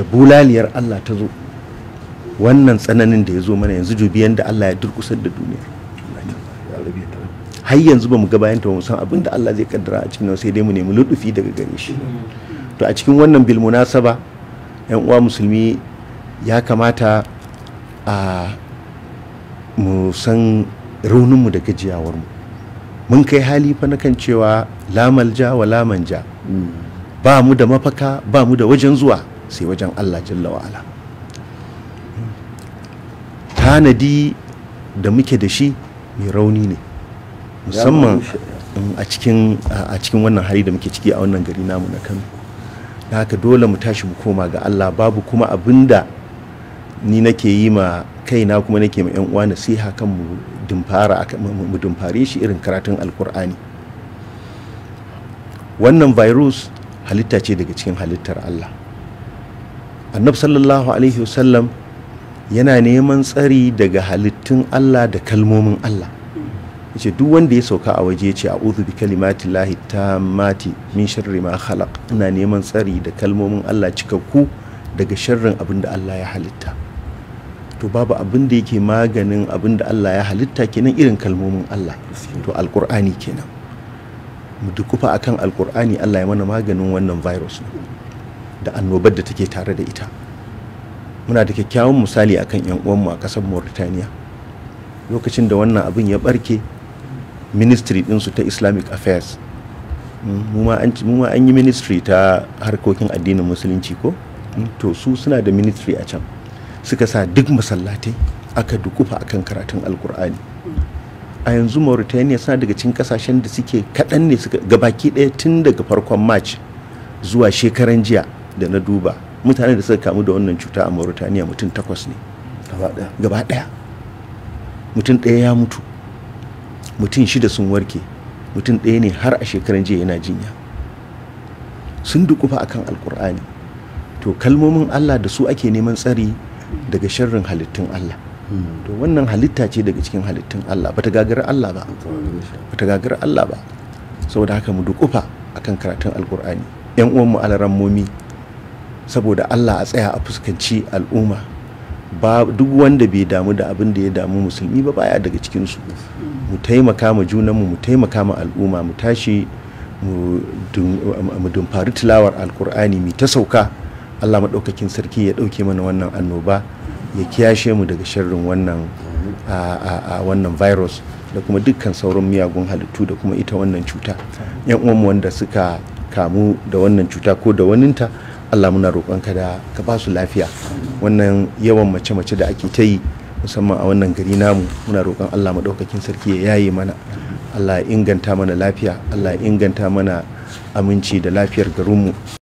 da bulaliyar Allah ta zo wannan tsananin da ya zo mana yanzu jubiyan da Allah ya durkusar da duniya har yanzu ba mu ga bayan mu san abin da Allah zai kaddara a cikin sai dai mu nemi lutufi daga gare shi to a cikin wannan bil munasaba yan uwa musulmi ya kamata a mu san mu da gajiyawarmu mun kai hali fa nakan cewa lamalja wa lamanja hmm. ba mu da mafaka ba mu da wajen zuwa sai wajen Allah jalla wa'ala tanadi da muke da shi mai rauni ne musamman a cikin wannan hari da muke ciki a wannan gari namu na kano da haka dole mu tashi mu koma ga allah babu kuma abinda ni nake yi ma kaina kuma nake ma 'yan uwa na nasiha kan mu dumfare shi irin karatun alkur'ani wannan virus halitta ce daga cikin halittar allah annabi sallallahu alaihi wasallam yana neman tsari daga halittun Allah da kalmomin Allah yace duk wanda ya sauka a waje yace a'udhu bi kalimati llahi tammati min sharri ma khalaq ina neman tsari da kalmomin Allah cikakku daga sharrin abin da Allah ya halitta to babu abinda yake maganin abinda Allah ya halitta kenan irin kalmomin Allah to alqur'ani kenan mu dukufa akan alqur'ani Allah ya mana maganin wannan virus da annobar da take tare da ita muna da kyakkyawan misali akan 'yan uwanmu a ƙasar mauritaniya lokacin da wannan abin ya barke ministry su ta islamic affairs mm, mu ma an yi ministry ta harkokin addinin musulunci ko mm, to su suna da ministry a can suka sa duk masallatai aka dukufa akan karatun alkur'ani a yanzu mauritania suna daga cikin kasashen da suke kaɗan ne suka gabaki ɗaya tun daga farkon march zuwa shekaran jiya da na duba mutane da suka kamu da wannan cuta a mauritaniya mutum takwas ne gaba daya mutum daya ya mutu mutum shida sun warke mutum daya ne har a shekaran jiya yana jinya sun dukufa akan alkur'ani to kalmomin allah da su ake neman tsari daga sharrin halittun allah hmm. to wannan halitta ce daga cikin halittun allah bata gagara allah ba bata gagara allah ba saboda haka mu dukufa akan karatun alkur'ani yan uwan mu alarammomi saboda allah a tsaya a fuskanci al'umma ba duk wanda bai damu da abin da ya damu musulmi ba baya daga cikin su mu taimaka ma junanmu mu taimaka ma al'umma mu tashi mu dumfari tilawar alkur'ani mu ta sauka allah maɗaukakin sarki ya ɗauke mana wannan annoba ya kiyashe mu daga sharrin wannan wannan virus da kuma dukkan sauran miyagun halittu da kuma ita wannan cuta yan uwanmu wanda suka kamu da wannan cuta ko da waninta Allah muna roƙonka da ka ba su lafiya wannan yawan mace-mace da ake ta yi musamman a wannan gari namu muna roƙon Allah maɗaukakin sarki ya yaye mana Allah ya inganta mana lafiya Allah ya inganta mana aminci da lafiyar garinmu